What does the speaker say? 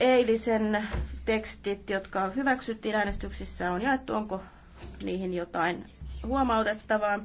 Eilisen tekstit, jotka hyväksyttiin äänestyksissä, on jaettu. Onko niihin jotain huomautettavaa?